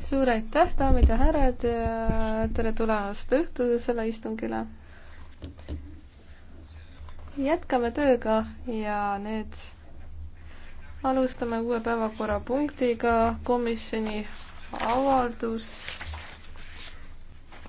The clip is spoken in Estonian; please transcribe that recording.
suur aitäh, daamid ja härrad ja tere tulemast õhtusele istungile. jätkame tööga ja nüüd alustame uue päevakorrapunktiga komisjoni avaldus